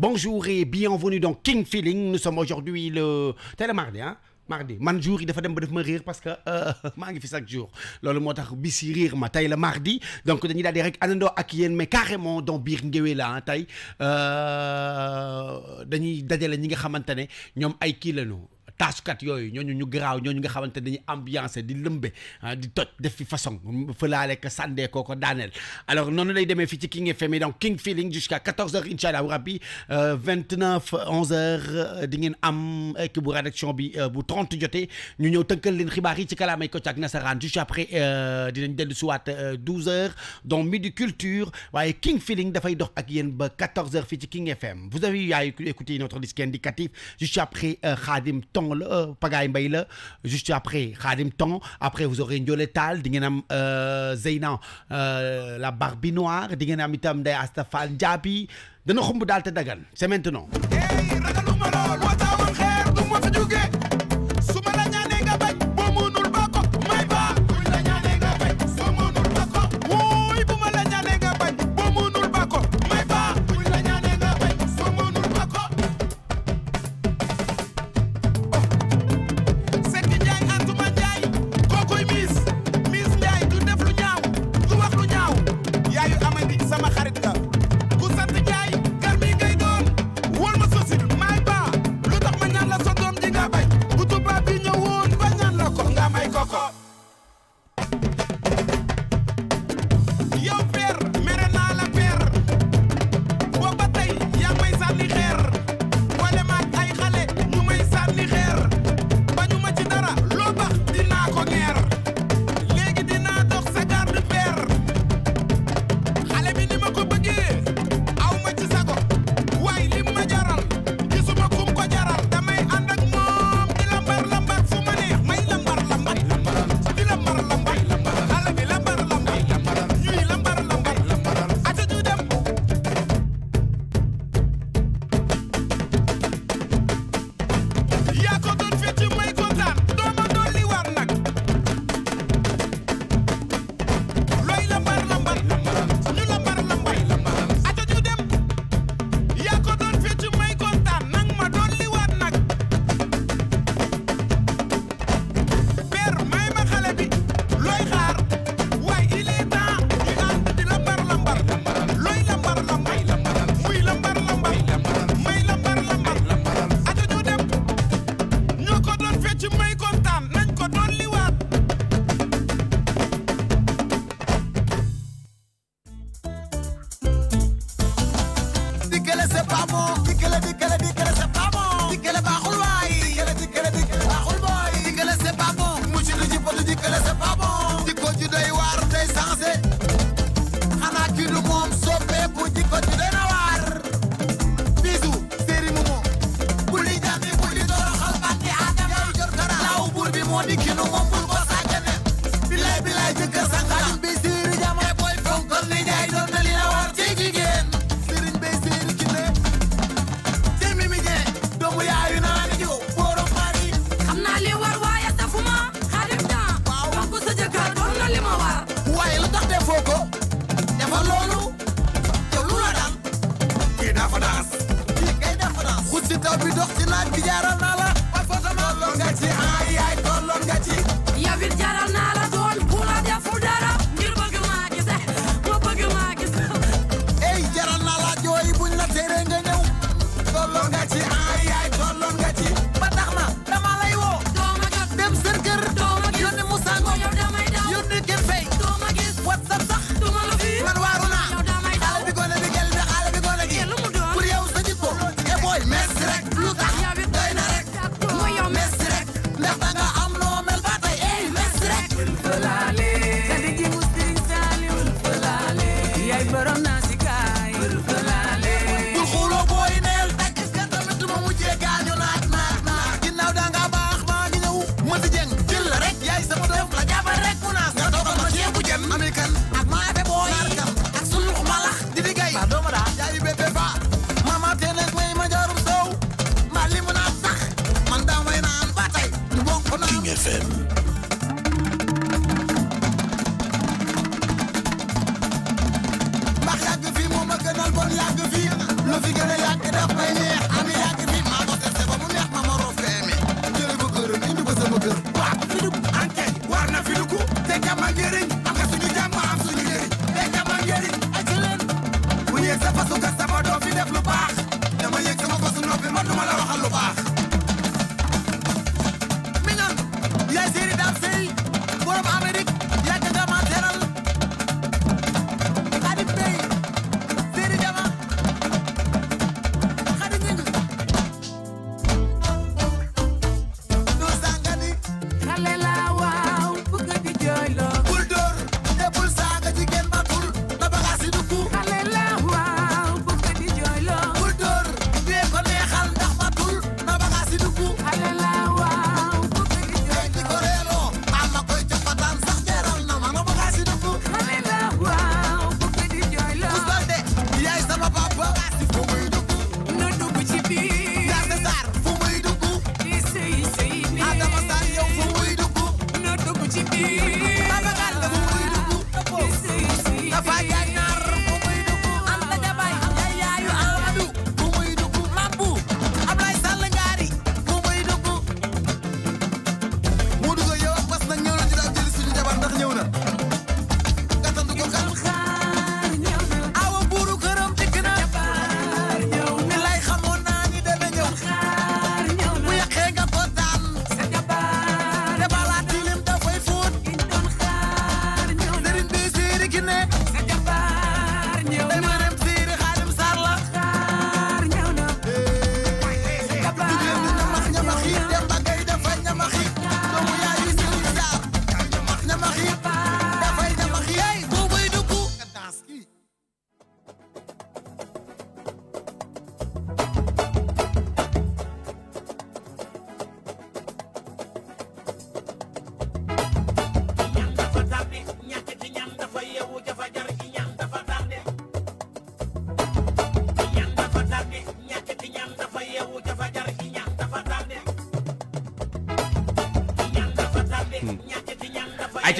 Bonjour et bienvenue dans King Feeling. Nous sommes aujourd'hui le. T'es le mardi, hein? mardi man jour yi dafa dem ba def ma parce que euh, maa fi chaque jour loolu le tax bi si rire, ma taille le mardi donc on daal direct Anando àndandoo ak mais carrément dans biir là hein, Euh. Dany, dajale ni nga xamante ne ñoom tasukat yoy ñooñu ñu graw ñooñu nga xamantene dañuy ambiance di lembé ah, di toj def fi façon feulalé que sandé koko danel alors non lay démé fi ci king fm donc king feeling jusqu'à 14h inchallah rabbi 29 11h euh, euh, di ngeen am équipe bu rédaction bi euh, bu 30 jotté ñu ñëw teunkel leen xibaar yi ci kalamay ko ci ak nasaran juste après dinañ delu ci 12h donc midi culture waye king feeling da fay dox ak yeen ba 14h fi ci king fm vous avez écouté notre disque indicatif jusqu'après khadim tong le la Pagaye la juste après Khadim ton après vous aurez Ndiolé Tall di euh zeina euh la barbe Noire di ngeen mitam day Ndeye djabi de no dana dal te dagan c'est maintenant.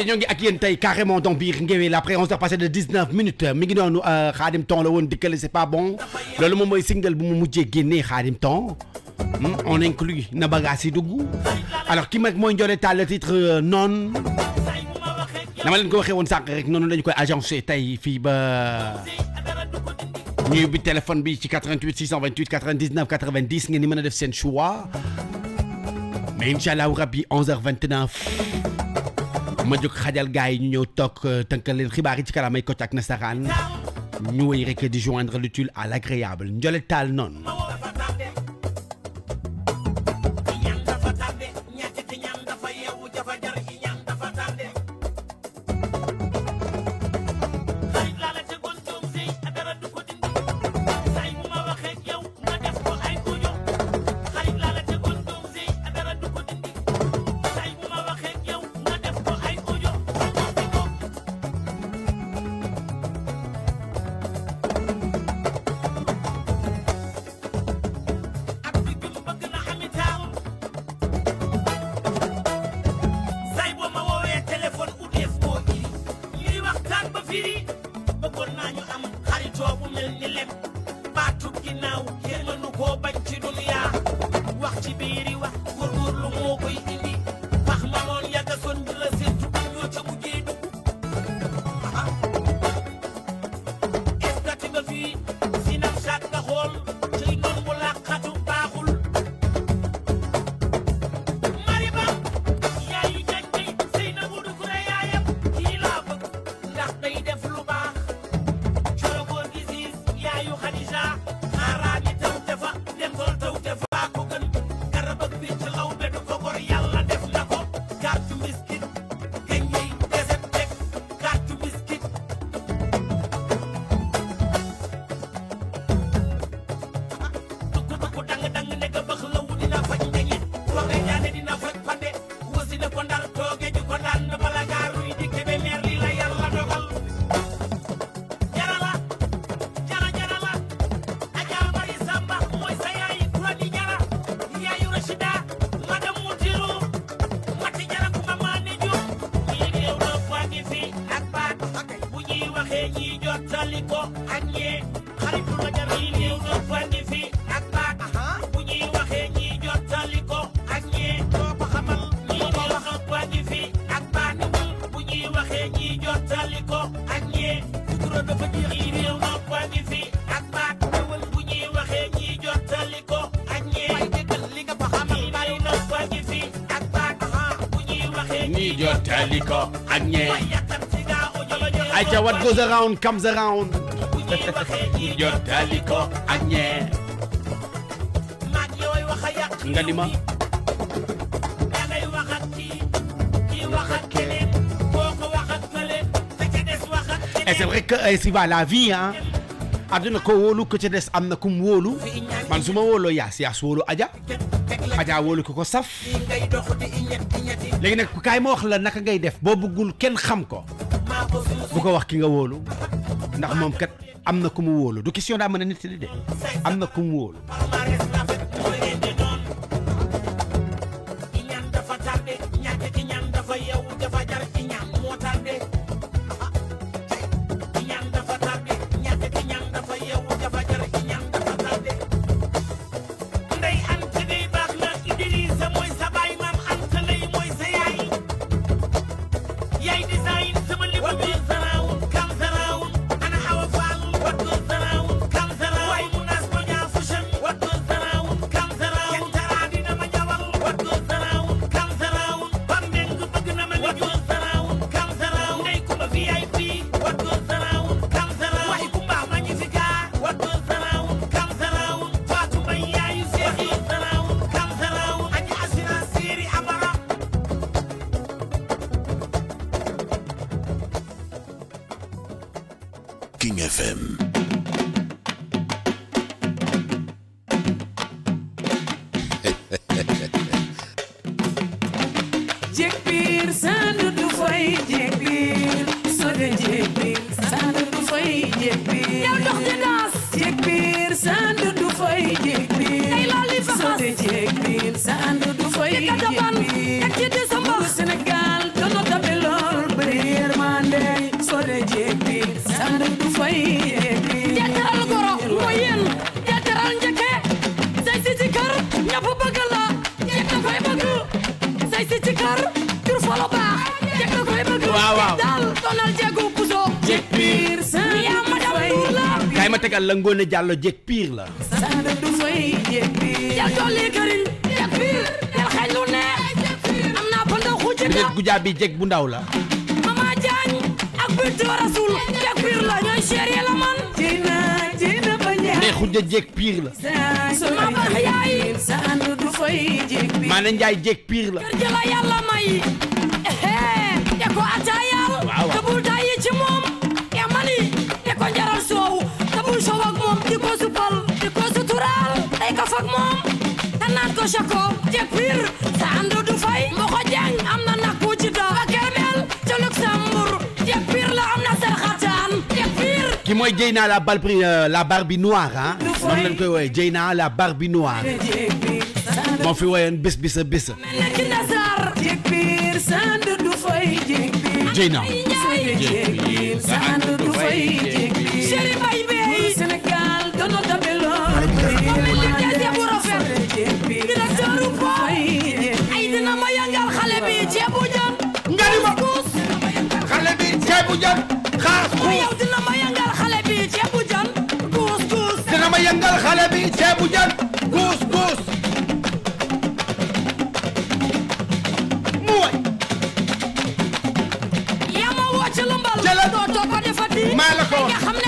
ayca ngi ak tay carrément donc biir Ngéwél après 11h passé de 19 minutes mi ngi nonu euh, Khadim temps la won dikkale c'est pas bon le moment mooy single bu mu mujjee génnee Khadim temps hmm, on inclut na bagaas yi goût alors ki mag mooy Ndiolé tal le titre euh, non? dama len ko waxé won sànq rek noonu lañu koy agencé tay fi ba ñuy de téléphone bi ci 88 628 99 90 ngeen ni mën def sen choix mais incha rabbi 11h29. ma jóg xajal gars yi ñu ñëw toog euh, tënkal xibaar yi ci kalamay kocc na nasaraan ñu wëy rek di joindre l'utile à l'agréable njole tal noonu ñi jottali ko ak ñee ayca what goes around comes around ñi jottali ko ak ñee nga ni ma et c'est vrai que eh, si va la vie ah àdduna ko wóolu ko ca am na kum wóolu man su ma wóoloo yaas yaas wóolu aja fajaa wóolu ki ko saf nag kaay ma wax la naka ngay def boo bëggul kenn xam ko bu ko wax ki nga woolu ndax moom kat am na ku mu wóolu du question daa mën a nit de am na ku mu wóolu Ngoné Diallo jég piir la Brigitte Goudiaby jég bu ndaw la Mama Diagne ak Bintu Rasoul jég piir la ñooy chéri la man Ndey Xujja jég piir la Maane Njaay jég piir la ko sako ca pir sa andu du fay mboxo jang amna nakou ci doo ba kermel ca Luxembourg ca pir la amna na sar xataan ca pir ki mooy Dieyna la balbri euh, la Barbie noire hein noonu lañ koy woy Dieyna la Barbie noire moo fi woyoon bis bisa bisa Dieyna fay ceebu jën xaas kuus dina ma yëngal xale bi ceebu jën kuus kuus dina ma yëngal xale bi ceebu jën kuus kuus mu way yaa ma woo ci lu mbal jëlal doo too ko defati maa la ko wax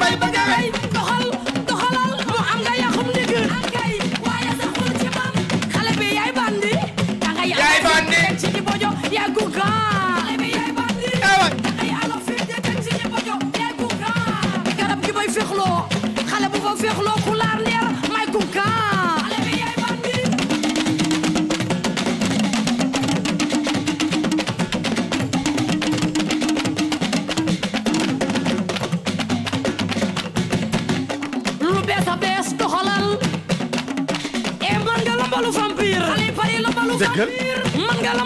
bye,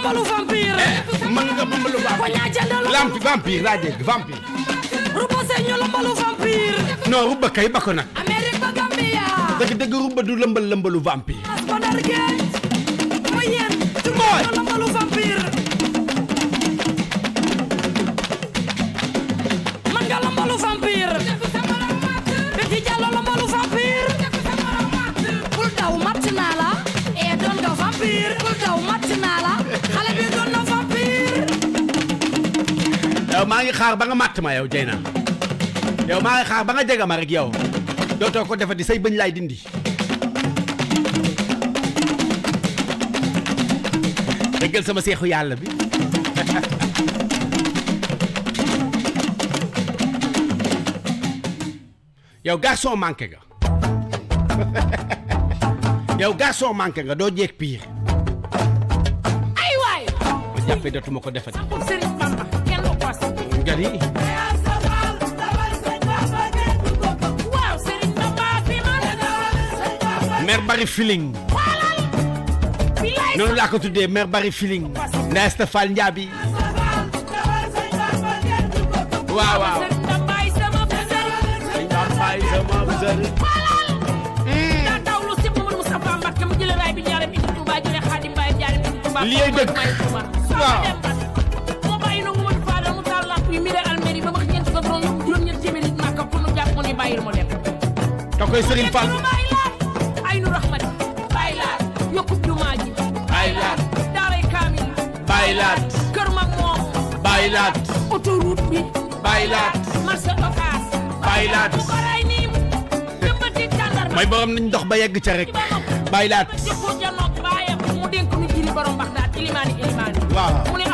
mbalu vampir, eh, mën nga ba mbalu vampire ko ñaajal la lamp vampire laa vampir, vampire ruba señu vampir, mbalu vampir, non ruba kay bako nak amérique ba gambia dëgg dëgg du lëmbal lëmbalu vampir ba dar geej ma yeen du mooy lëmbalu vampir, mën nga vampir maa ngi xaar ba nga màtt ma yow Dieyna yow maa ngi xaar ba nga jega ma rek yow dootoo ko defati say bëñ laay dindi déggal sama seexu yàlla bi yow garçon manqué nga yow garçon manqué nga doo jeeg piir ay waay ma jàppee dootuma ko defati jadi mer bari feeling non laa ko tuddee mer bari feeling ndaa Stéphane Ndiaby waaw waaw hmm. bay serigne fall aynu rahmat baylat yokku jumaaji baylat daray kamil baylat kër mak mom baylat autoroute bi baylat marché occas baylat may borom nañ dox ba yegg ca rek baylat mu denk ñu jiri borom baxda ilimani ilimani waaw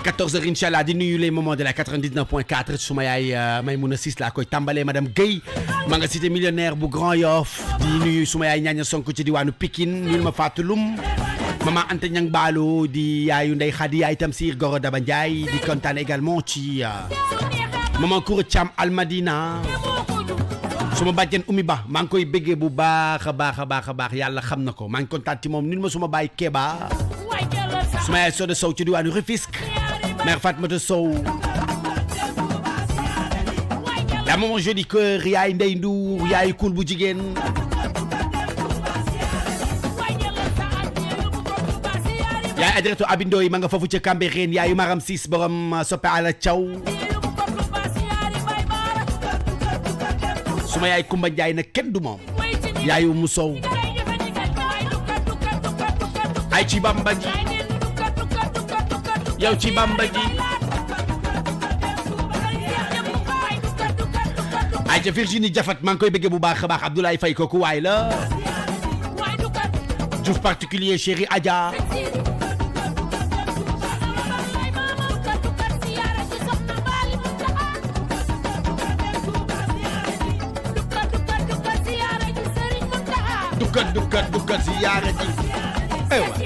14h inchallah di nuyu les moments de la 99.4 su ma yaay euh, Maymouna 6 la koy tambalé madame gay ma nga cité millionnaire bu Grand Yoff di nuyu su ma yaay ñaaña Sonko ci diwaanu Pikine ñun ma fatulum mama ante Ñang Baalo di yaayu Ndey khadi yaay Tamsir Goro Daba Ndiaye di contane également ci euh, maman Koura Thiam Almadina suma bàjjen Oumy Ba maa ngi koy béggee bu baax a baax a baax a baax xam na ko maa ngi kontaan ci mom nit ma suma bàyyi Kéba suma yaay de Sow ci diwaanu Rufisque mère Fatmata Sow la maman jolie cœur yaay Ndey Ndour yaay kul bu jigéen yaay adreto abindooy ma nga foofu ca Cambérène yaayu Maram Sis borom soppe ala Thiaw suma yaay Kumba Njaay na kenn du moom yaayu Musow ay ci Bamba yow ci bamba ji ay ca Virginie Jafat maa ngi koy bëggee bu baax a baax Abdoulaye Faye kooku waay la Diouf particulier chéri Adja dukkat dukkat dukkat si yaara ji ewa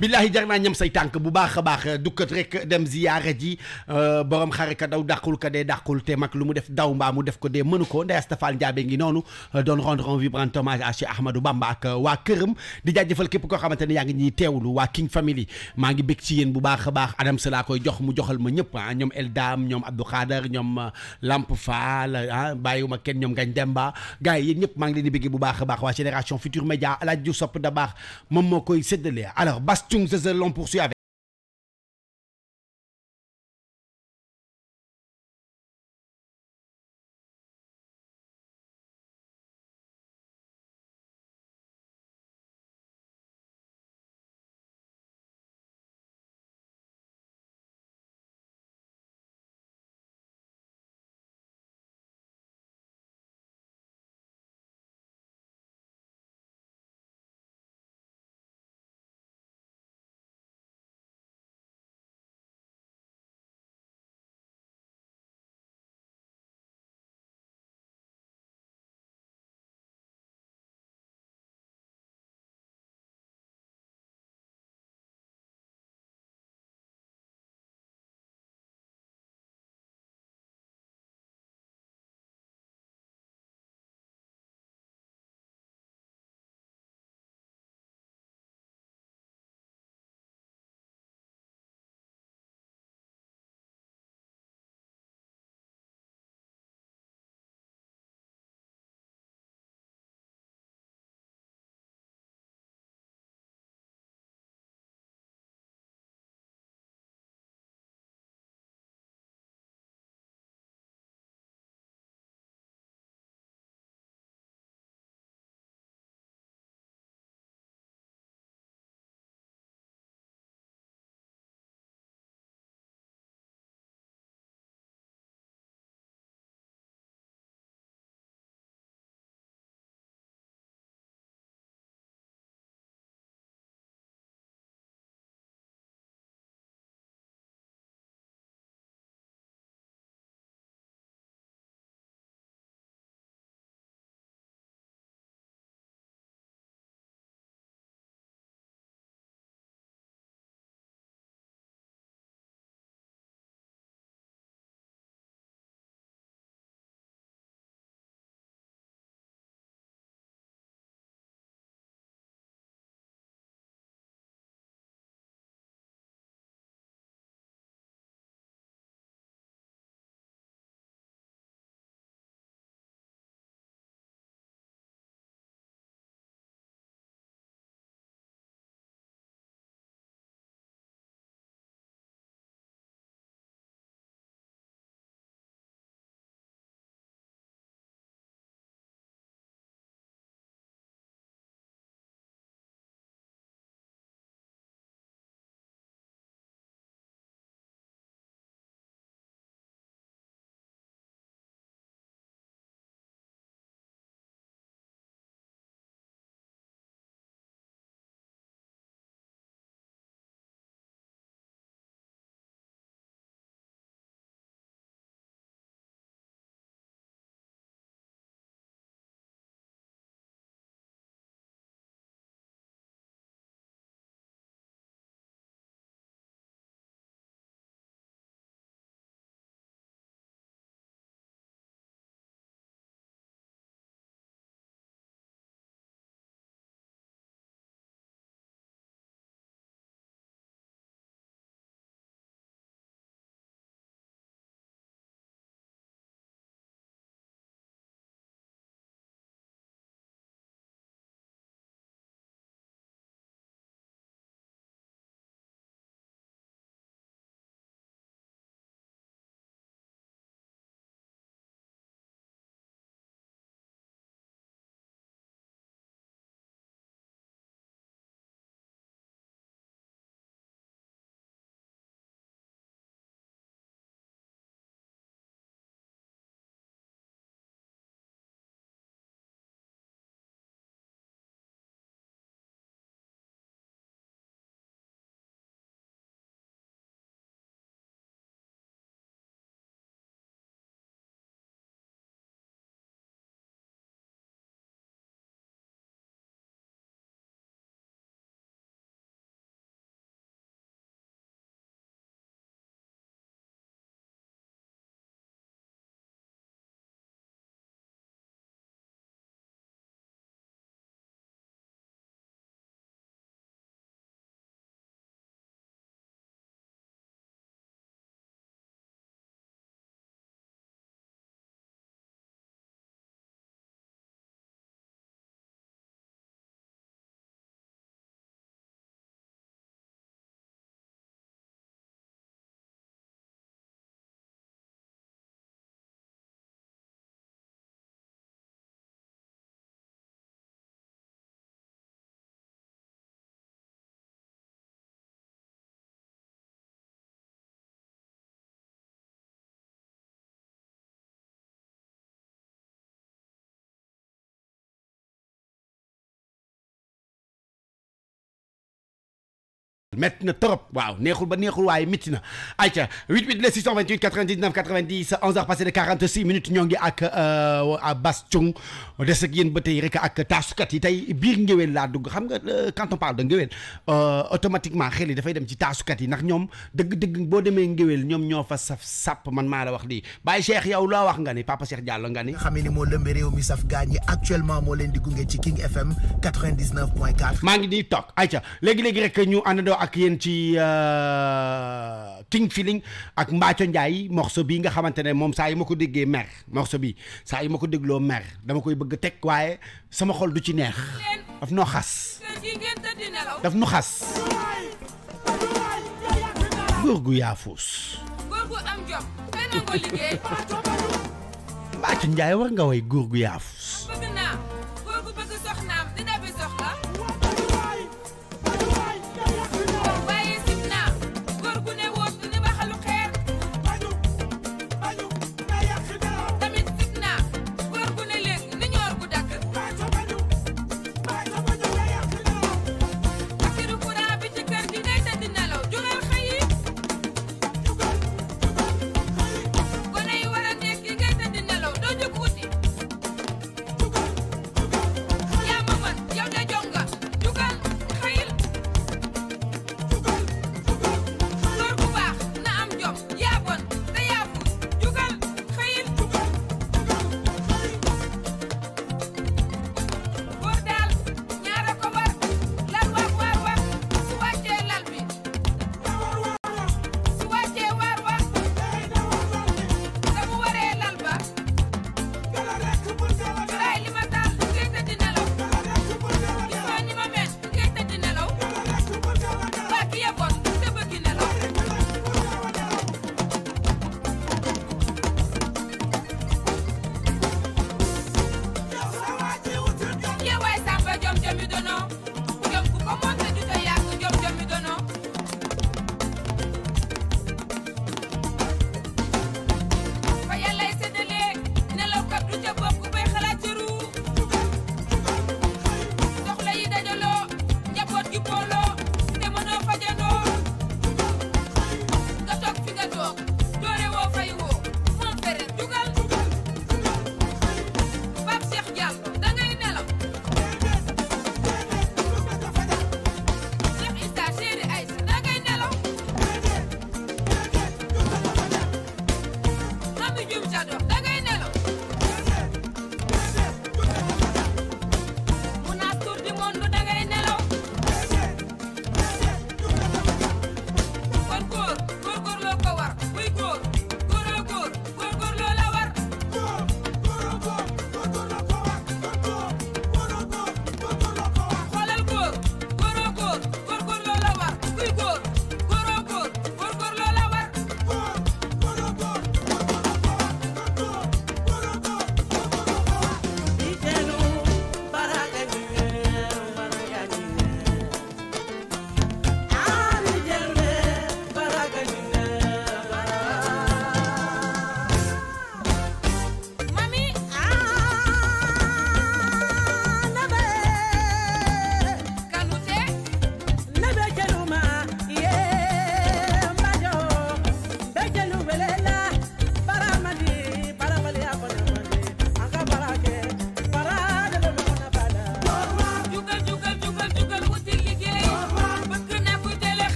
billaahi jar ñam say tànk bu baax a baax dukkat rek dem ziyaara ji euh, borom xare ka daw dàqul ka dee dàqul te mag lu mu def daw mbaa mu def ko dee mënu ko Ndeye Asta Fall Ndiabe ngi noonu euh, doon rendre un vibrant hommage à Cheikh Ahmadou Bamba ak euh, waa këram di jaajëfal képp koo xamante ne yaa ngi ñuy teewlu waa King Family maa ngi bég ci yéen bu baax a baax Adam Sala koy jox mu joxal ma ñëpp ah ñoom Eldam ñoom Abdou Khader ñoom Lamp Fall ah bàyyiwuma kenn ñoom Ngagne Demba gars yi yéen maa ngi leen bégg bu baax a baax waa Génération Futur Média El Hadj Diouf sopp da baax moom moo koy séddale alors nous allons l'ont poursuivi avec. metti na trop waaw neexul ba neexul waaye métti na ayca 88 le 628 99 90 11 heures passé de 46 minutes ñoo ngi ak euh, Bass Thioung des ak yéen ba tey rek ak taasukat yi tey biir ngéwél laa dugg xam nga euh, quand on parle de euh, automatiquement xel yi dafay dem ci taasukat yi ndax ñoom dëgg-dëgg boo demee ngewel ñoom ñoo fa saf sàpp man maa la wax lii Baye Cheikh yow loo wax nga ni Papa Cheikh Diallo nga ni xam ni moo lëmbe réew mi saf gaañ actuellement moo leen di gunge ci King FM 99.4 point 4 maa ngi nii toog ayca léegi-léegi rek ñu àndandoo ak ak yéen ci euh, King Feeling ak Mbathio Ndiaye morceau bi nga xamante ne moom saa yi ma ko déggee mer morceau bi saa yu ma ko dégloo mer dama koy bëgg teg waaye sama xol du ci neex daf noo xas daf nu xas góor gu yaafuus Mbathio Ndiaye war nga way góor gu yaafuus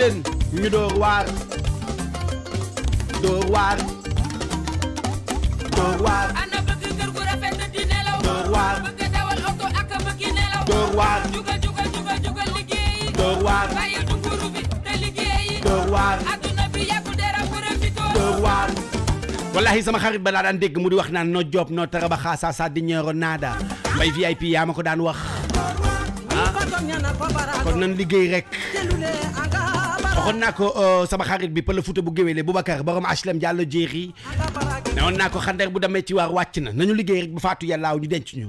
leen ñu door waar door waar ana bëgg kër gu rafet na door waar bëgg dawal oto ak bëgg door waar jugal jugal jugal jugal liggéeyi door waar bàyyi bi te liggéeyi door bi door waar wallahi sama xarit ba daa mu di wax naan no job no taraba xaasa sa di ñeero naada mbay VIP yaa ko daan wax ah kon nan liggéey rek waxoon naa ko euh, sama xarit bi pël Fuuta bu géwéle Boubacar borom HLM Diallo jeexi ne woon naa ko xandeer bu demee ci waar wàcc na nañu liggéey rek bu faatu yàllaaw ñu denc ñu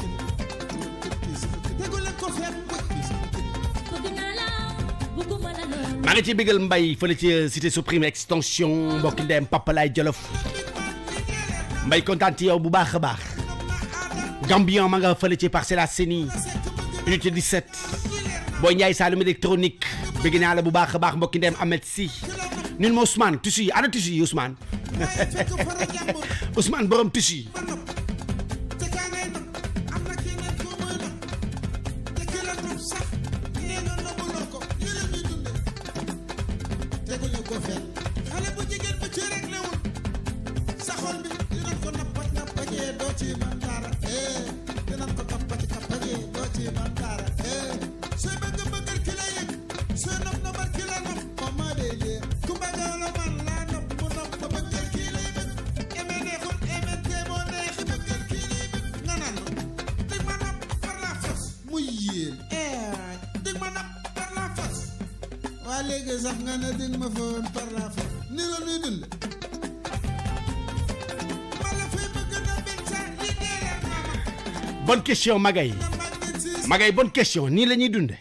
maa ngi ci mbay fële ci euh, cité suprime extension mbokki ndeem papalaay jolof mbay kontaan ci yow bu baax a baax Gambian ma nga fële ci Parcelles Assainies unité 17 booy Njaay Saalum électronique bëgg naa bu baax a baax mbokki dem Ahmed si ñun ma Ousmane tissu yi ana tissu yi Ousmane Ousmane borom tissu question nii la ñuy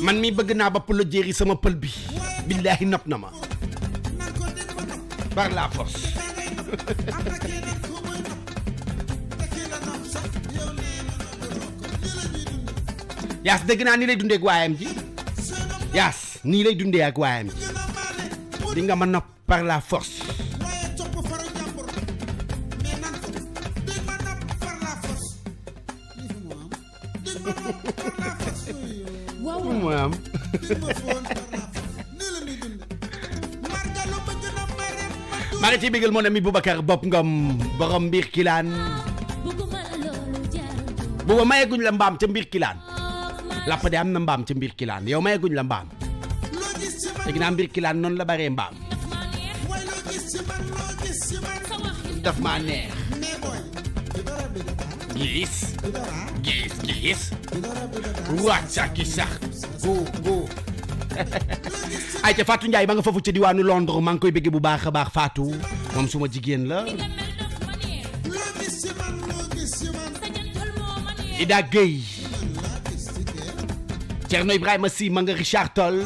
man mi bëgg naa ba pëlo jéeri sama pël bi billaahi nopp na ma par la force yaas dëgg naa ni lay dundeeg waayam ji ni lay dundé ak ya wayam di nga ma par la force maam maa ngi mon ami Boubacar Bopp Ngom borom mbir kilaan booba mayeguñ la mbaam ca mbir kilaan lapp de am na mbam ci bir kilan yow mayeguñ la mbam te ginnaaw mbir kilaan noonu la bëree mbaam daf maa neex gis gis gis wàccaki sax go go ay ca Fatou Ndiaye ma nga foofu ca diwaanu Londres maa ngi koy bëggee bu baax a baax faatu moom suma jigéen la Ida Gueye Cerno Ibrahima Sy ma nga Richard Toll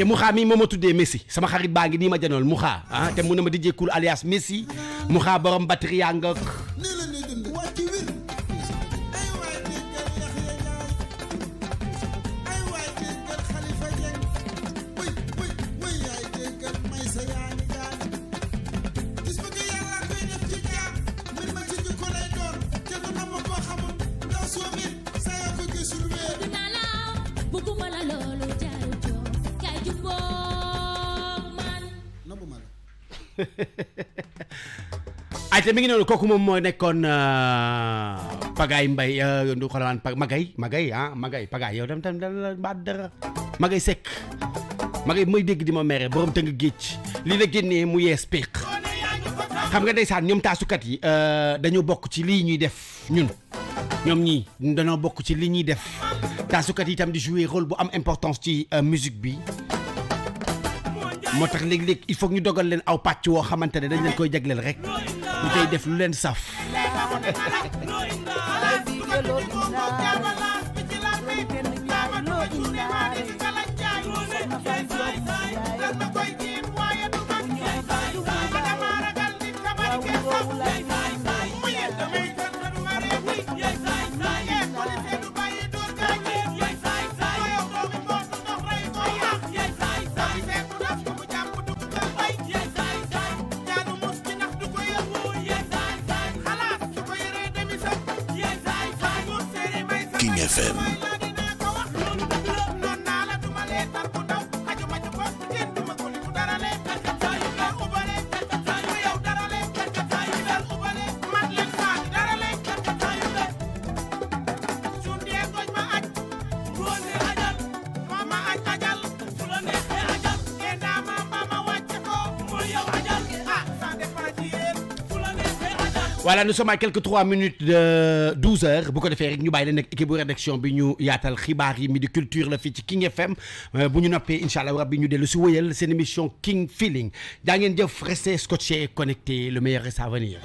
acca Mouxa mi moo ma tuddee Messi sama xarit baa ngi nii ma janool Mouxa ah te mu ne ma di jékkul alias Messi Mouxa borom batterie yaa nga ayca mi ngi noonu kooku moom moo nekkoon Pagaye Mbaye du xolaan magay magay ah magay pagay yow dem tam dala mbaat dara magay Seck magay bu may dégg di ma mere borom tëng géej li la génnee mu yees piq xam nga ndeysaan ñoom taasukat yi uh, dañoo bokk ci lii ñuy def ñun ñoom ñii dañoo bokk ci li ñuy def taasukat yi tam di jouer rôle bu am importance ci uh, musique bi moo tax léeg-léeg il faut ñu dogal leen aw pàcc woo xamante ne dañ leen koy jagleel rek ñu koy def lu leen saf voilà nous sommes à quelques trois minutes de 12 heures Beaucoup de nous nous de rédaction bi culture le King FM euh, bu ñu sommes à rabbi ñu émission King Feeling restez connecté le meilleur reste à venir.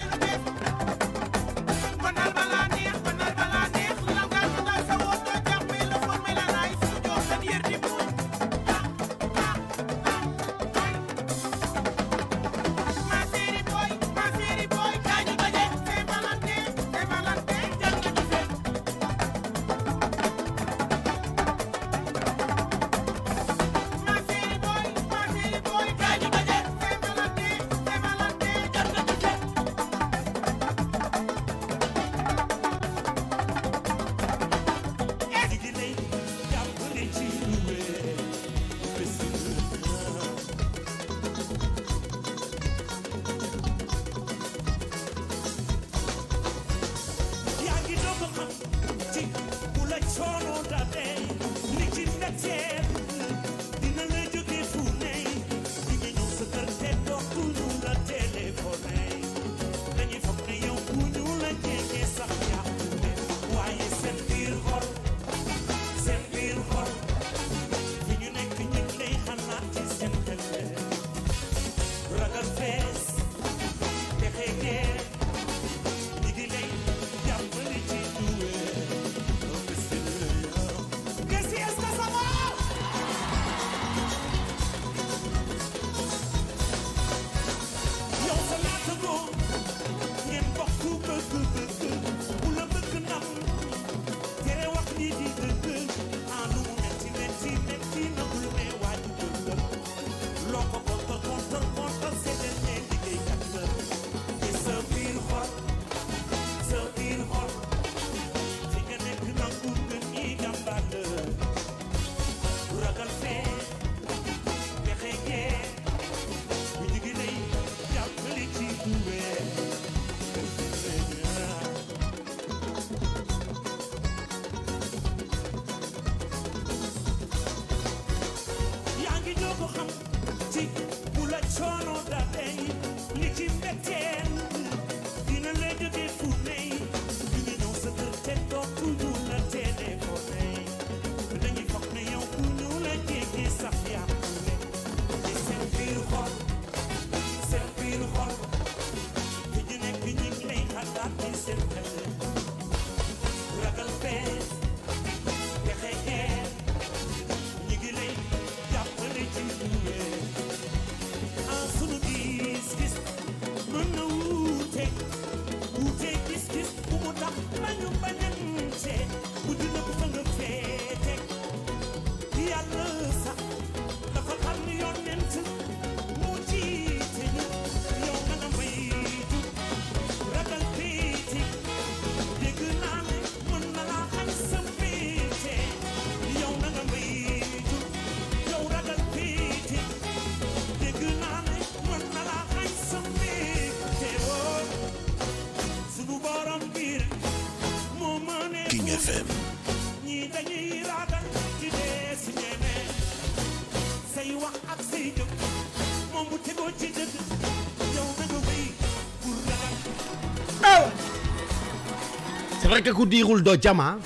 rekk ku diirul doo jama ah.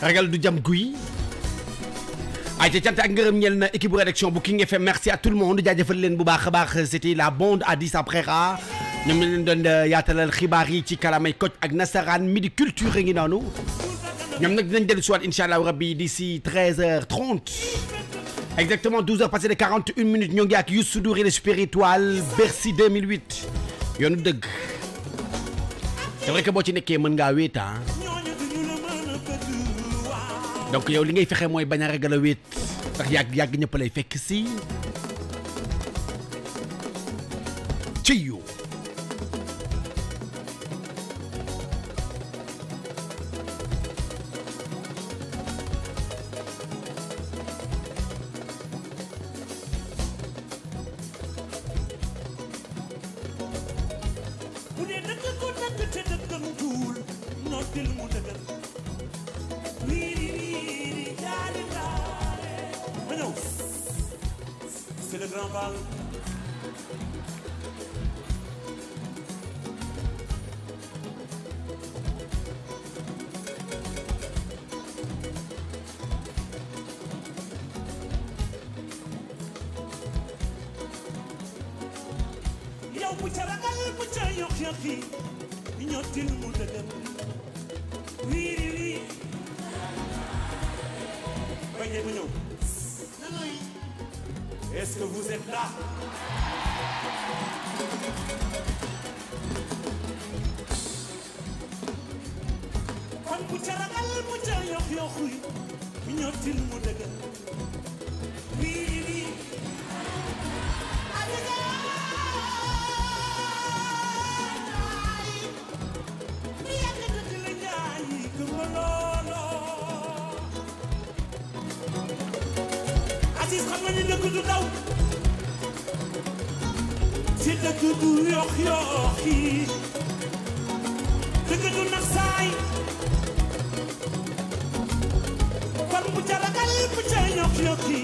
ragal du jam guy ay ca cant ak ngërëm ñeel na équipe rédaction bu King FM merci à tout le monde jaajëfal leen bu baax baax c'était la bande à 10 après ra ñoom ñu leen doon euh, yaatalal xibaar yi ci kalamay coach ak nasaran midi culture ngi noonu ñom nak dinañ dellu siwaat inshallah allah rabbi d'ici 13h30 Exactement 12 h passé de 41 minutes ñoo ngi ak Youssou Ndour et les Super Bercy 2008 yonu deug c'est vrai que boo ci nekkee mën ngaa wéet ah donc yow li ngay fexe mooy bañ a ragal a wéet ndax yàgg yàgg ñëpp lay fekk si ci yow est-ce que vous êtes là nga ni dëkk du daw si dëkk du yox yox yi dëkk kon bu ca ragal bu ca yox yox yi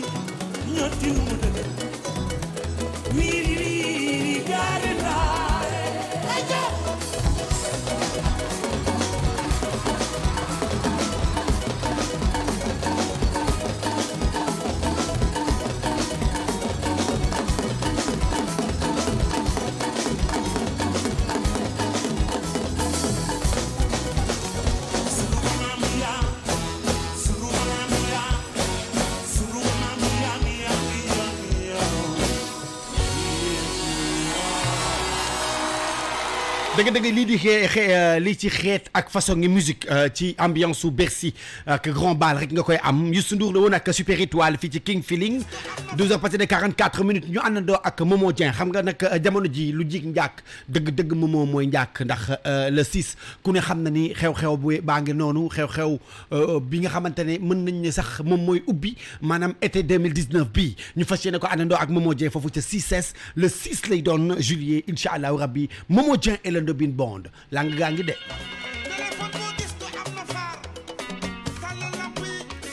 dëgg-dëgg lii di xee euh, lii ci xeet ak façon ngi musique euh, ci ambiance su Bercy ak Grand Bal rek nga koy am Youssou Ndour la woon ak Super Étoile fii ci King Feeling 12 heures passé de 44 minutes ñu àndandoo ak Momo Dien xam nga nag euh, jamono ji lu jig njàkk dëgg-dëgg Momo mooy njàkk ndax le 6 ku ne xam na ni xew-xew bu baa ngi noonu xew-xew bi nga xamante ne mën nañ ne sax moom mooy ubbi maanaam été 2019 bii ñu fas yéene ko àndandoo ak Momo Dieng foofu ca 6 le 6 lay doon juillet incha allahu rabbi Momo Dien et le been bond lang gaa ngi de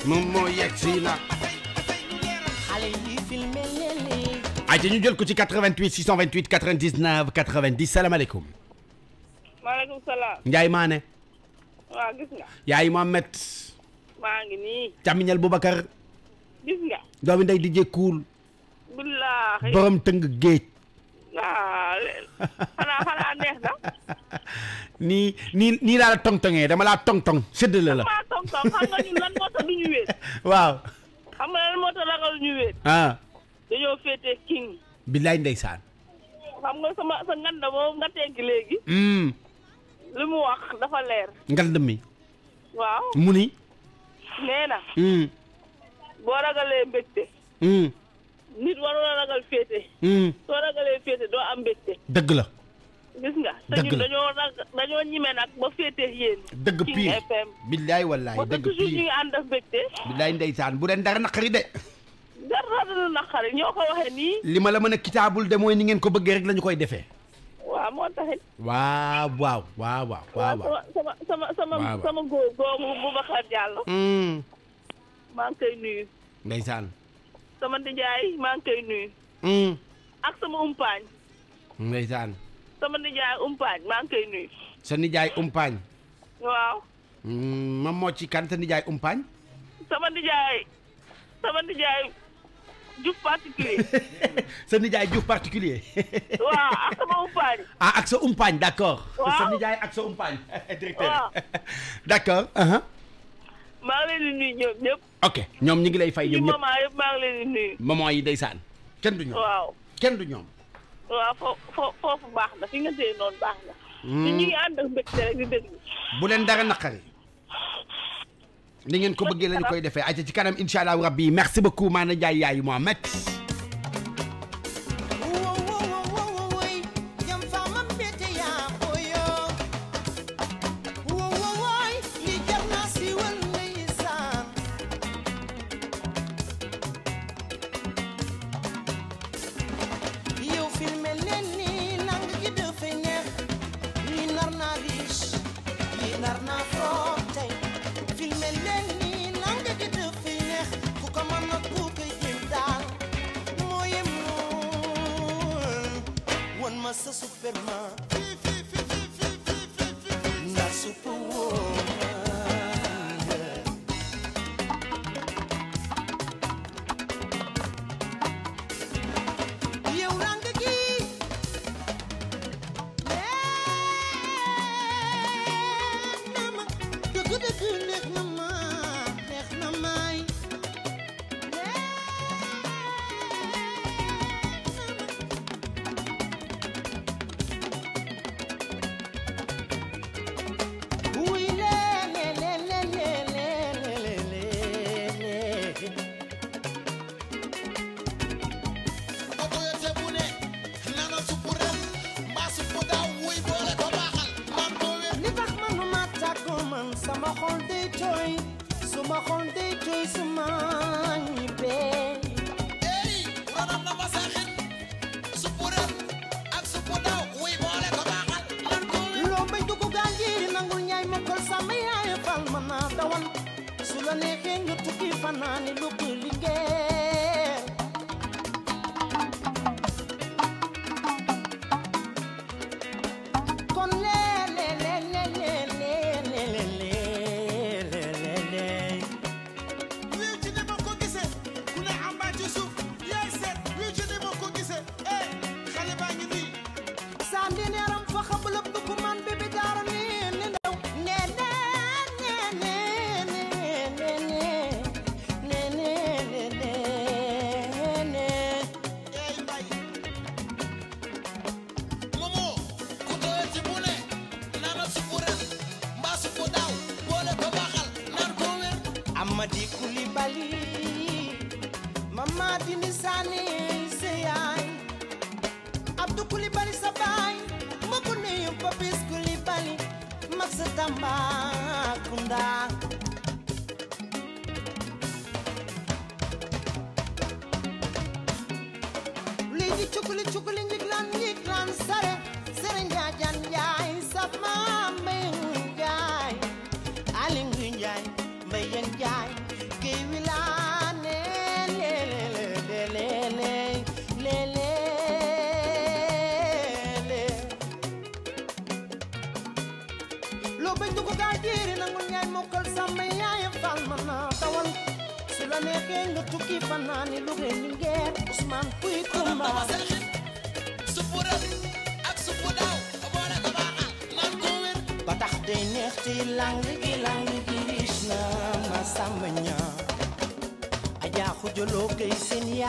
moom moo yegg si na ayca ñu jël ko ci 88 628 99 90 salaamaaleykum. maaleykum salaam. Ndiaye Maane. waaw gis nga. yaay Mohamed. maa ngi nii. càmmiñal Boubacar. gis nga. doomi ndey di jékkuwul. billaahi borom tëng géej. waaw xanaa xanaa neex na. nii nii nii laa la tong-tongee dama laa tong-tong séddale la. dama tong-tong xam nga ñun lan moo tax du ñu wéet. waaw. xam nga lan moo tax ragal ñu wéet. Ah. li hmm. mu wax dafa leer. ngand mi. waaw mu ni. nee na. Hmm. boo ragalee mbégte. Hmm. nit warul a ragal hmm. féete. doo am mbégte. dëgg la. gis ñime nag ba féete yéen. dëgg pire FM. billaay dëgg pire toujours ñu bu leen dara naqari de. dara dara naqari ñoo ko waxee nii. li ma la man a kitaabul de mooy ni ngeen ko bëggee rek la koy defee. waaw moo taxit. waaw waaw waaw waaw. waaw sama sama sama sama góor googu Boubacar Diallo. Hmm. maa ngi koy nuyu. ndeysaan. sama nijaay maa ngi koy nuyu. Hmm. ak sama umpaañ. ndeysaan. sama nijaay umpaañ maa ngi koy nuyu. sa nijaay umpaañ. waaw. Hmm, moom moo ci kan sa nijaay umpaañ. sama nijaay sama nijaay Diouf particulier. sa nijaay Diouf particulier. waaw ak sama umpaañ. Ah, ak sa umpaañ d' accord. waaw sa nijaay ak sa umpaañ. directeur d' accord. Uh-huh. maa leen di nuyu ñoom ñëpp. ok ñoom ñu ngi lay fay ñoom ñëpp maman maa ngi leen di nuyu. maman yi ndeysaan kenn du ñoom. waaw kenn du ñoom. waaw foofu foofu baax na fi nga tee noonu baax na. Hmm. ñu ngi ànd ak mbégte rek di déglu. bu leen dara naqari. ni ngeen ko bëggee lañu koy defee ayca ci kanam incha allah rabbi merci beaucoup maana Ndiaye yaayu Mohamed.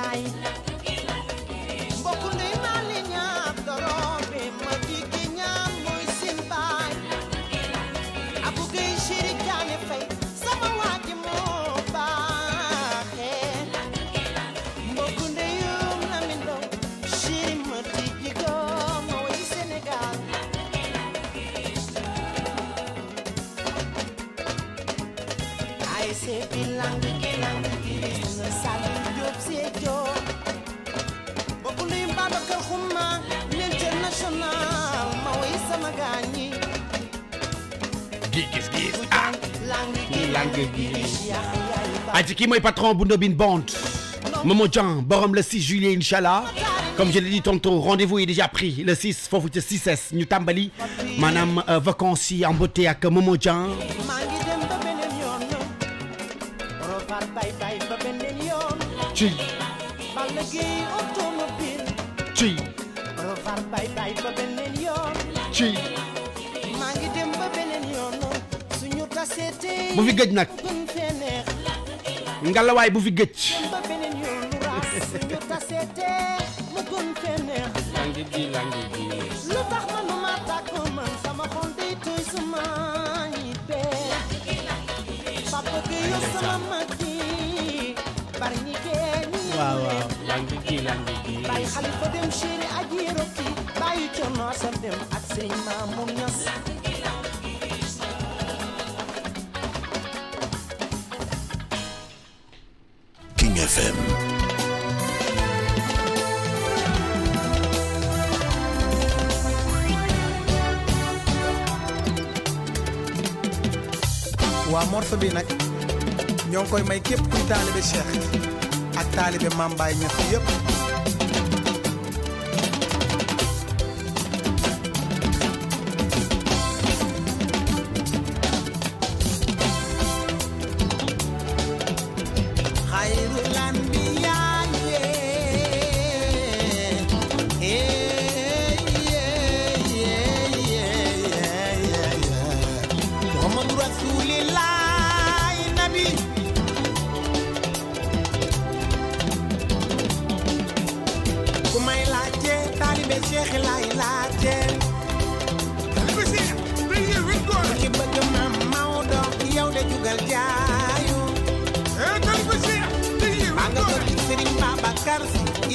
ยาย patron bu Band. Momo Jean, borom le 6 juillet inchallah comme je l'ai dit tantôt rendez-vous est déjà pris le 6 vous de 6S Nutambali, Madame maanaam en beauté avec Momo Jean. bu fi gëj nag ngalawaay bu fi gëj langi gi langi gi lu tax manuma tàkk man sama xol day tooy sama yitte papa gi yow sama mag gi bari ñi kee ñu waaw waaw langi gi langi gi bàyyi xalifa dem chéri aji roki bàyyi coono sa dem ak sëñ Mamour Niass morceau bi nag ñoo ngi koy may képp kuy taalibe Cheikh ak taalibe Mame Baye Niass Bakar 88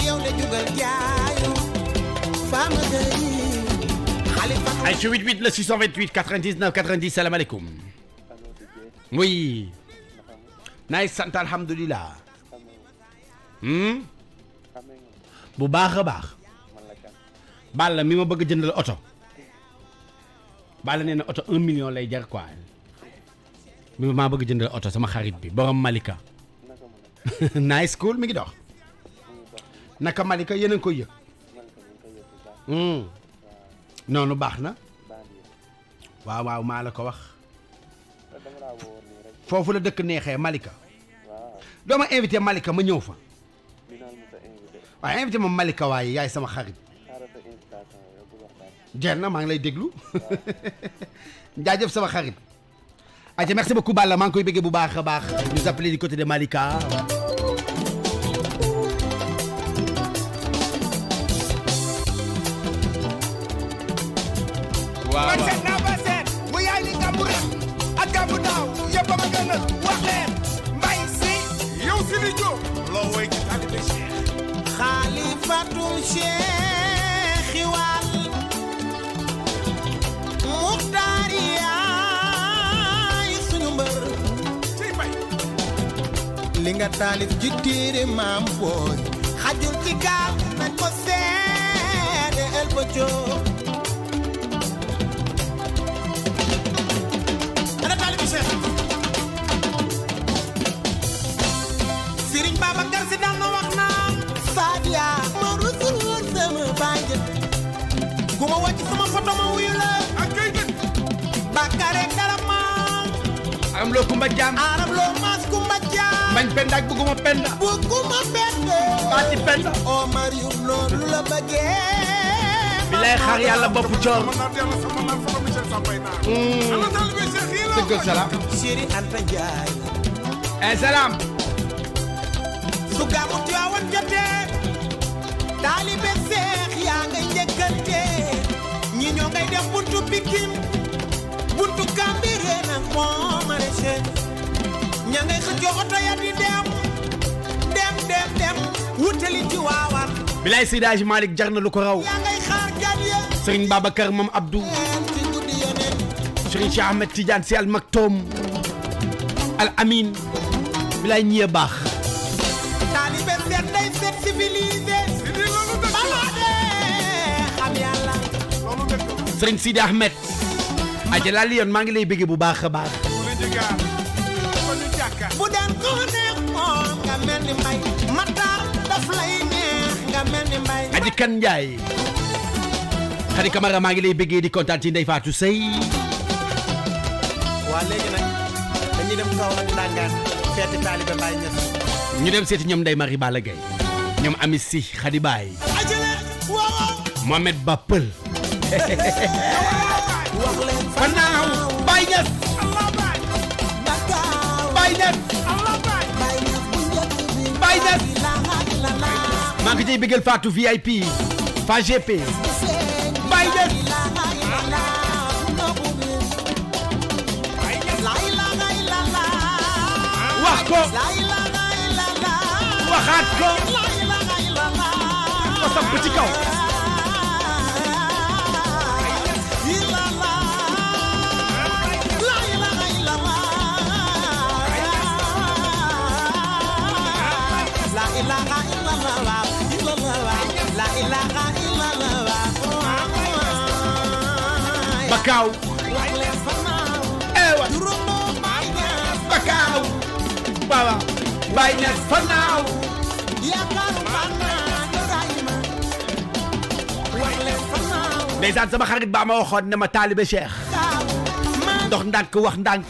le 628 99 90 salam alaikum. oui nice sant Hmm? bu baax a baax Balla mi ma bëgg jëndal auto. bal nee auto 1 un million lay jar quoi mi ma bëgg jëndal l'autre, sama xarit bi borom Malika nice cool mi ngi dox naka Malika yéen a koy hmm. noonu baax na. waaw waaw maa la ko wax. foofu la dëkk neexee Malika. doo ma invité Malika ma ñëw fa. waaw invité ma Malika waaye yaay sama xarit. jeex na maa ngi lay déglu. jaajëf sama xarit. aja merci beaucoup Balla maa ngi koy bëggee bu baax baax. nous appeler du côté de Malika. man seet naa ba seet bu yaay li nga bu ren ak gàmbu daaw yëpp a ma gënal wax leen mbay si yow si li jóg loo woy ci taalibe Cheikh xaalifatul Cheikh xiwaal muxtaar yaay suñu mbër ciy mbay li nga taalif ji téere maam booy xajul ci gaal nañ ko seede el ba coow seex Sëriñ Babacar Si daan na wax naan Sadiya ma rusul woon sama bànj ku ma wàcc sama foto ma wuyu la ak kay dëkk Bakare Kalamaam Aram loo Kumba Aram loo Maas Kumba Jaam Mañ Buguma Penda Buguma Penda Faati Penda o oh, Marium loolu la bëggee bilaay xaar yàlla bopp coor. Hmm. dëggal salaam. Chéri Anta Ndiaye. Eh, salaam. su gàmmu Tiwaawan jotee. taalibe seex yaa ngay njëkkante. ñi ñoo ngay def buntu Pikine. buntu Cambérène nag moo maraîcher. ña ngay xëccoo oto ya di dem. dem dem dem wutali Tiwaawan. bilaay Seydi Hadji Malick jar na lu ko raw Serigne Babacar Mame Abdou Serigne Cheikh Ahmed Tidiane Sy Al Maktoum Al Amin bilaay ñi baax taalibe seet day seet civilisé xam yàlla Serigne Sidi Ahmed aja maa ngi lay bëgg bu baax a baax bu daan ko neex moom nga mel ni may aji kan Njaay xari Camara maa lay bëggee di kontaan ci Ndeye Fatou Sey waa léegi nag dañuy dem kaw ak ndàngaan seeti taalibe Baye Niass ñu dem seeti ñoom Ndeye Ami Si Mohamed maa ngi ciy bëggal Fatou VIP fa GP bay des wax ko waxaat ko wasap ko ci kaw la la la la Bakaaw. eh wa. Bakaaw. waaw. Baay Ñas Fanaaw. ndeysaan sama xarit ba ma waxoon ne ma taalibe Cheikh. dox ndànk wax ndànk.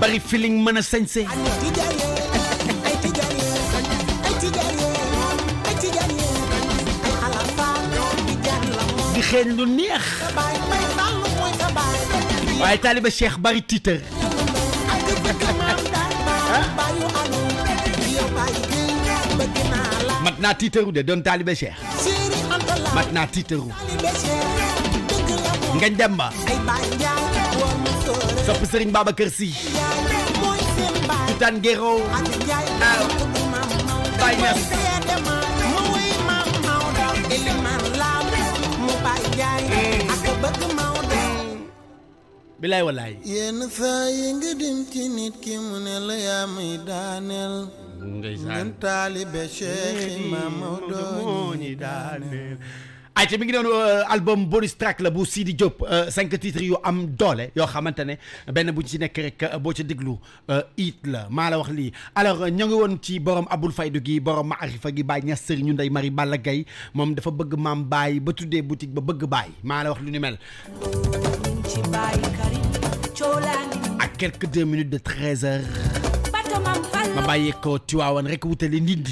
bari feeling mën a sañse. xeeñ lu neex waaye taaliba Cheikh bari tiitër mat naa tiitëru de doon taaliba Cheikh mat naa tiitëru ngañ dem ba sopp Serigne Babacar Sy tutaan géro aw Baye Niass bilaay walaay. yenn saa yi nga dem ci ki mu ne la yaa may daaneel. ndeysaan ñun taalibe Cheikh Imam Maodo ngi doon euh, album bonus track la bu Sidi Diop euh, cinq titres yu am doole yoo xamante ne benn bu ci nekk rek euh, boo ca déglu it la maa la wax lii alors ñoo ngi woon ci borom abul faydu gi borom maarifa gi Baye Niass Serigne ñu Ndeye Marie Balla Gaye moom dafa bëgg maam Baye ba tuddee boutique ba bëgg Baye maa la wax lu ni mel. quelques deux minutes de 13 heures ma as un rek les nids.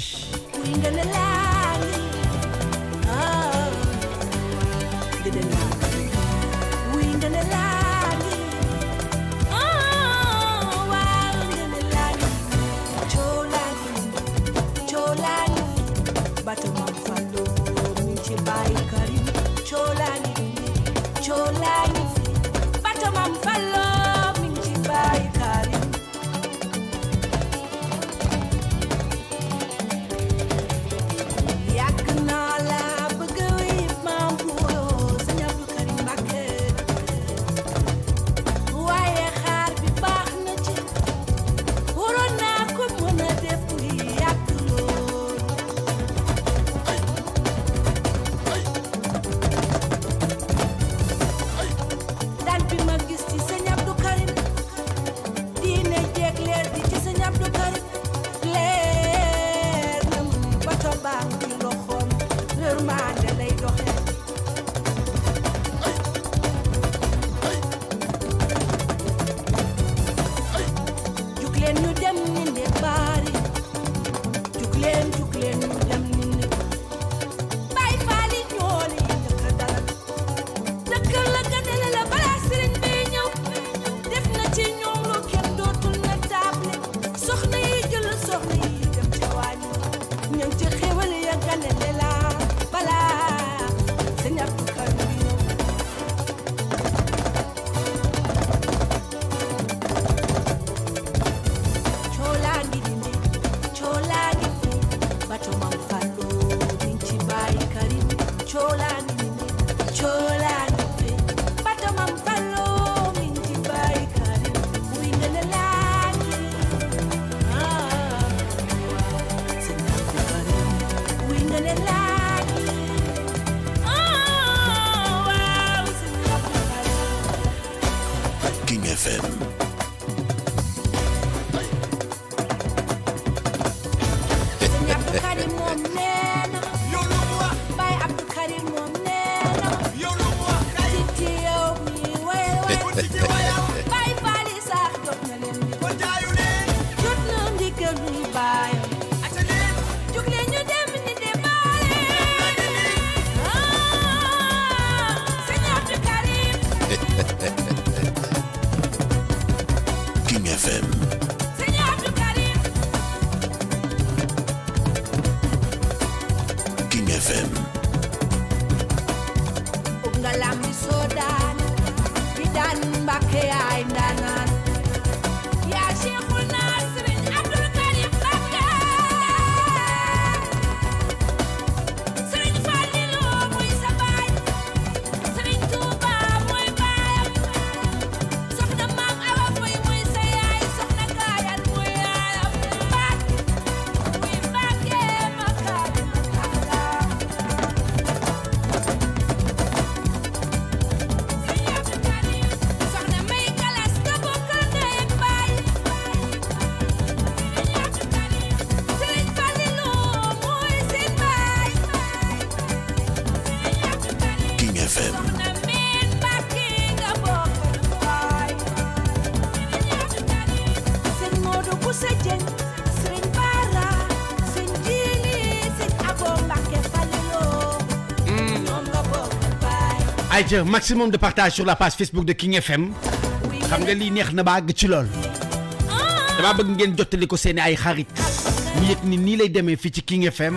maximum de partage sur la page Facebook de King FM xam nga li neex na ba àgg ci lool dama bëgg ngeen jotali ko seen ay xarit ñu yëg ni nii lay demee fii ci King FM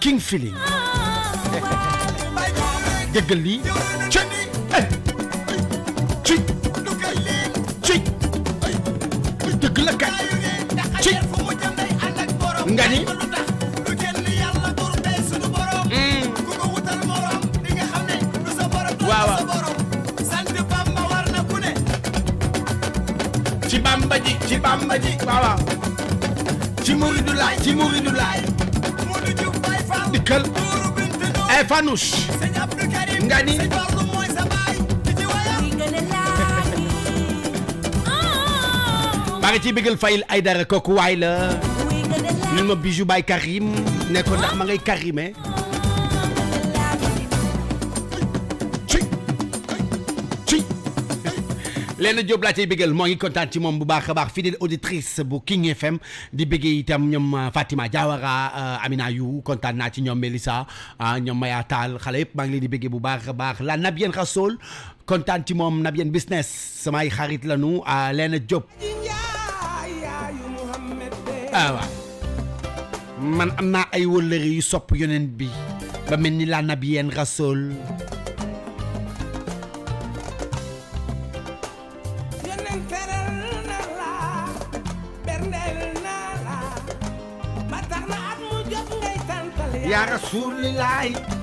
King Feeling déggal lii Mouridou Laye ci Mouridou Laye dikkal ay eh, fanouche nga ni maa ngi ciy bëggal fayil ay dara kooku waay la ñun ma bijou bay Karim ne ko ndax ma ngay Karime eh? Léna Diop laa cay bégal moo ngi kontaan ci moom bu baax a baax fidèle auditrice bu King FM di béggee itam ñoom euh, Fatima Diawara euh, Amina Yu kontaan naa ci ñoom Melissa euh, ñoom Maya Tall xale yëpp maa ngi leen di béggee bu baax a baax la Nabien Rasoul kontaan ci moom Nabien business samay xarit lanu Léna Diop ah, waaw man am naa ay wëllëri yu sopp yoneen bi ba mel ni la Nabien Rasoul Yara Surli Light.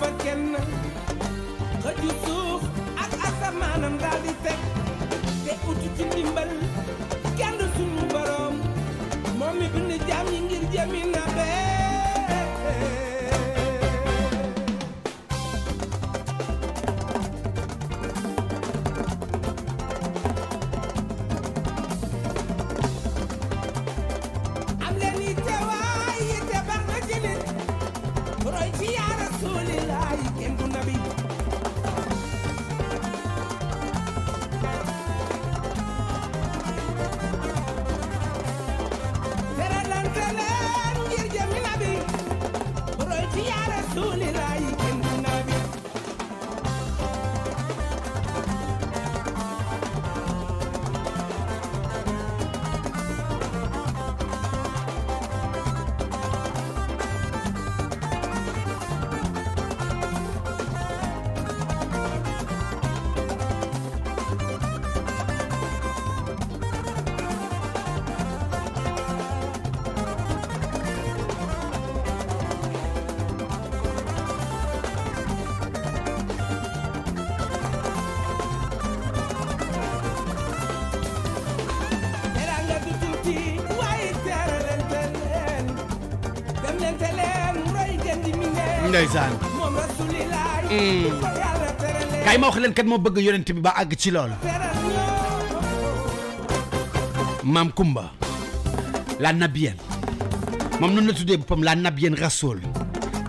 fa kenn xëju suuf ak asamaanam daal teg te utu ci ndimbal kenn suñu boroom moom mi bind jaam yi ngir jëmi na bee ndeysaan mm. kay ma wax leen kat moo bëgg yonent bi ba àgg ci lool maam Kumba la nabiyeen moom noonu la tuddee boppam la nabiyeen rasool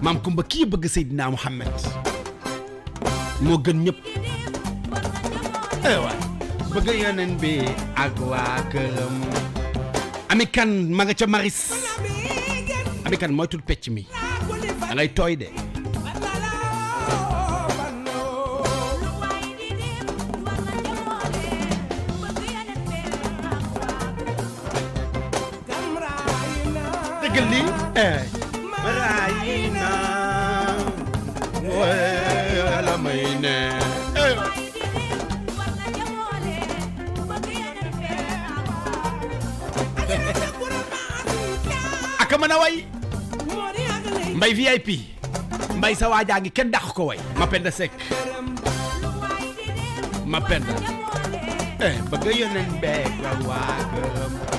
maam Kumba kii bëgg Seydina Muhammad moo gën ñëpp eh aywa bëgg yonent bi ak waa ami kan ma maris ami kan mooy pecc mi da ngay tooy de li eh marayina wala may ne aka mën a way mbay VIP mbay sa waajaa ngi kenn dàq ko way ma penda sek ma penda eh bëgg yoneen beeg waa këram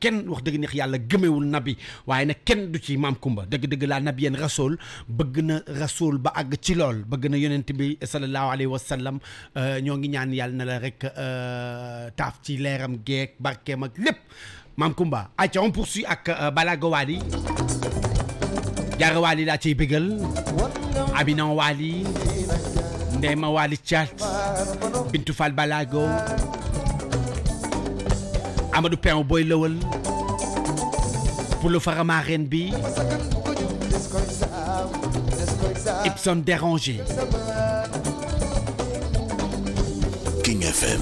kenn wax dëgg neex yàlla gëmewul nabi waaye nag kenn du ci maam kumba dëgg-dëgg laa nabi yeen rasool bëgg na rasool ba àgg ci lool bëgg na yonent bi sallallahu alayhi wa sallam euh, ñoo ngi ñaan yàlla na la rek euh, taaf ci leeram geek barkeem ak lépp maam kumba aca on poursuit ak euh, balago waali jaara waali laa ciy bégal abinan waali ndeyma waali caat bintu fall balago Amadou Pain boy lëwal pour le Faramareen bi Ibson dérangé King FM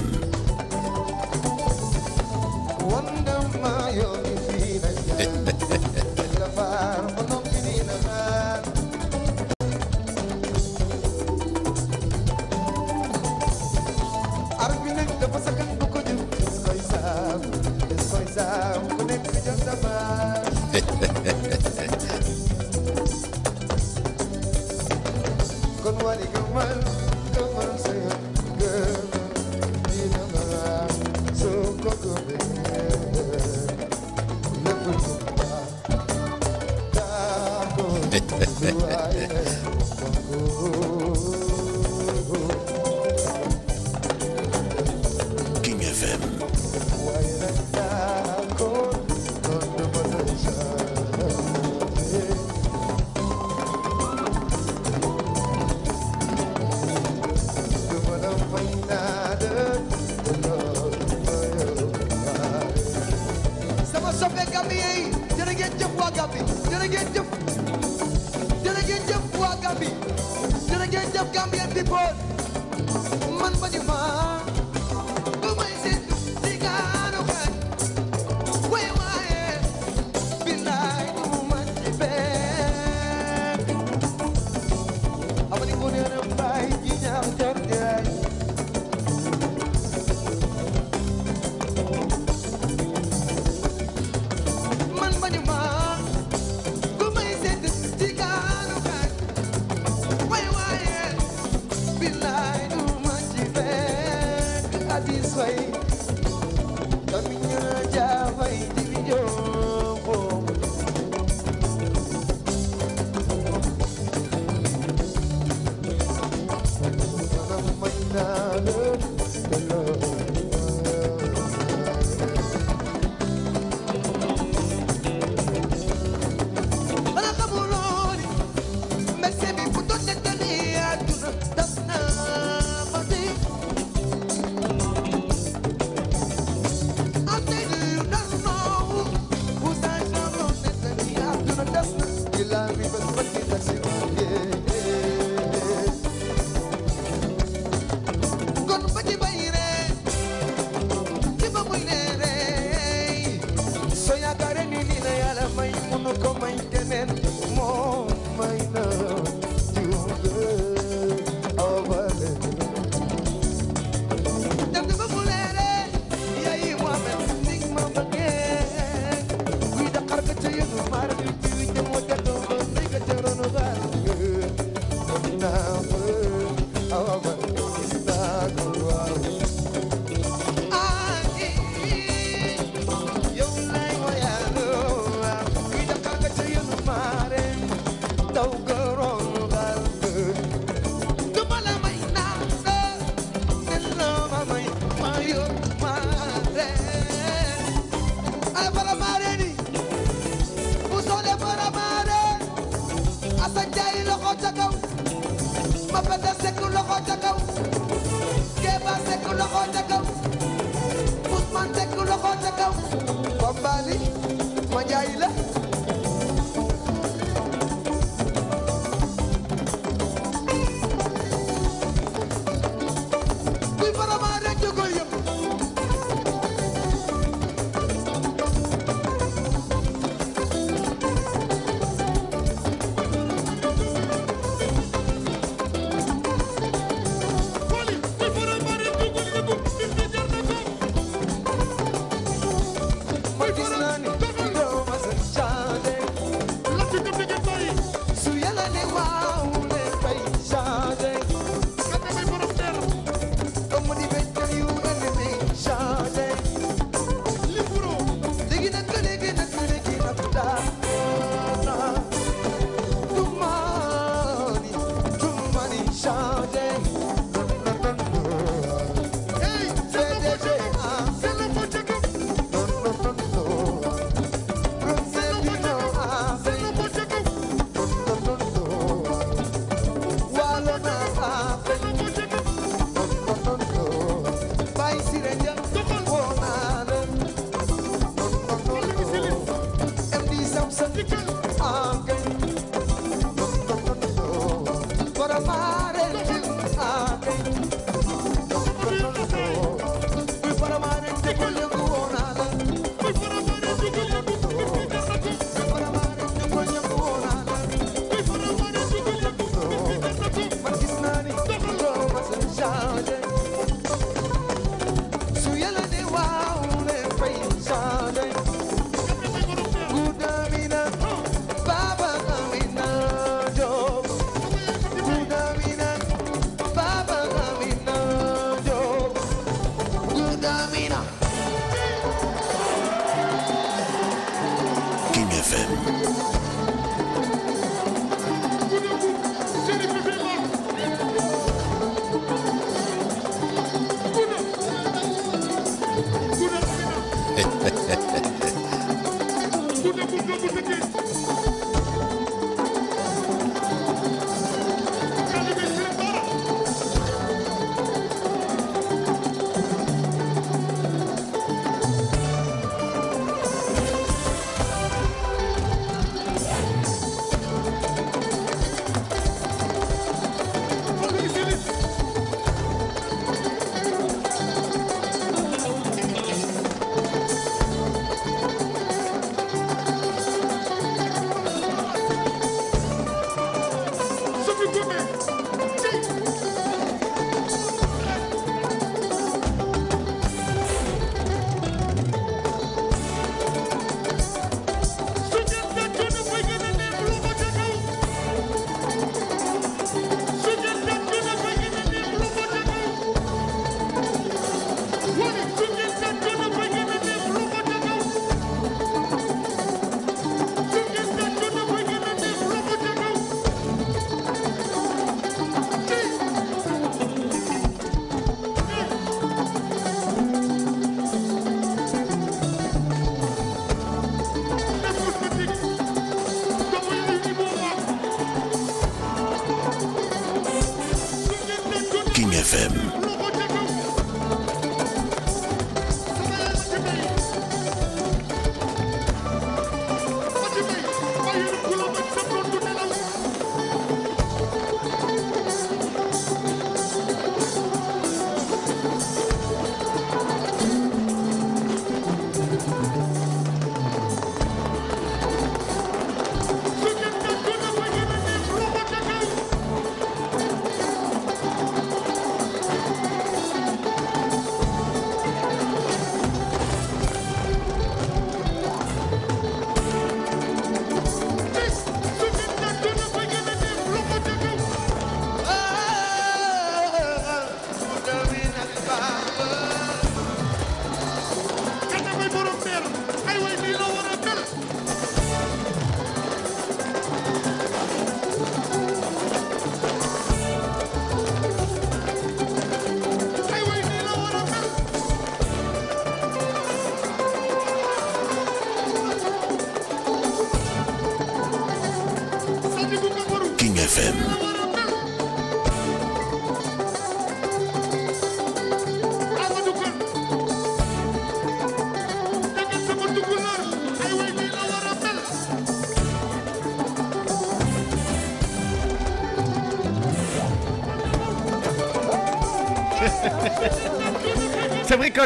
FM.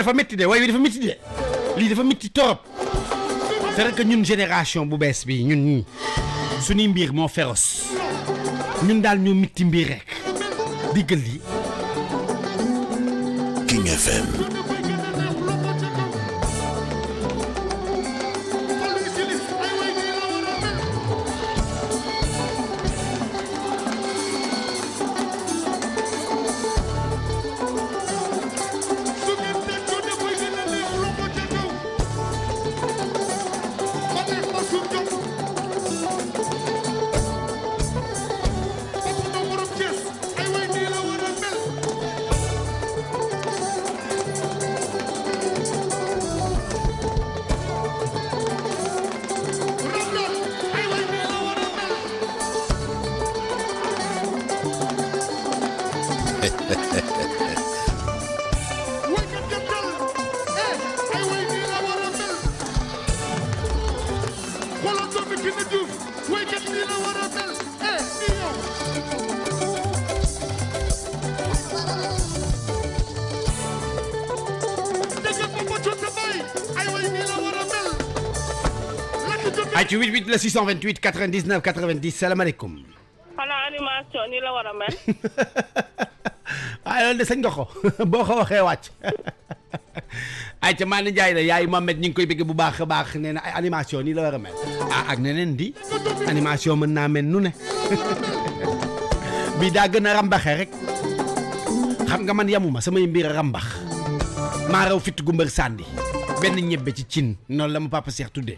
dafa métti de way wi dafa métti de lii dafa métti torop c'est vrai ñun génération bu bees bii ñun ñii suñuy mbir moo féroce ñun daal ñu métti mbir rek diggal li King FM ayca 88 la 628 99 90 salaamaaleykum. xanaa animation ni la war a mel. waaye loolu de sañ nga ko boo ko waxee wàcc. ayca maa ni Ndiaye la yaay Mohamed ñu ngi koy bëgg bu baax a baax nee na ay animation nii la war a mel. ah ak neneen di animation mën naa mel nu ne. bii daa gën a rek. xam nga man yamuma samay mbir rambax. maa raw fitt gu mbër sànni. ñebbe ci cin noonu la ma papa Cheikh tuddee.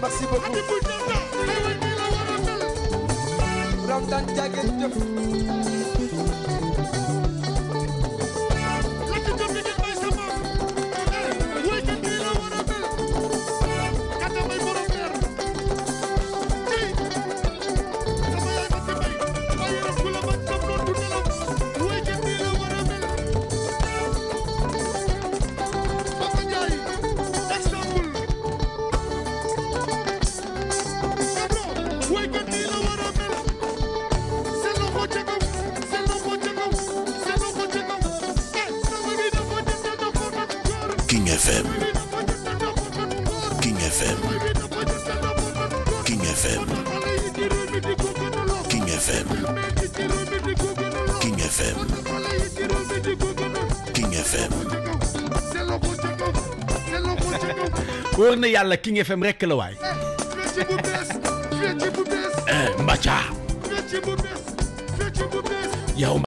merci beaucoup Ramdan jàggen jëf na yàlla King FM rek la waay. Eh, Mbathia. yow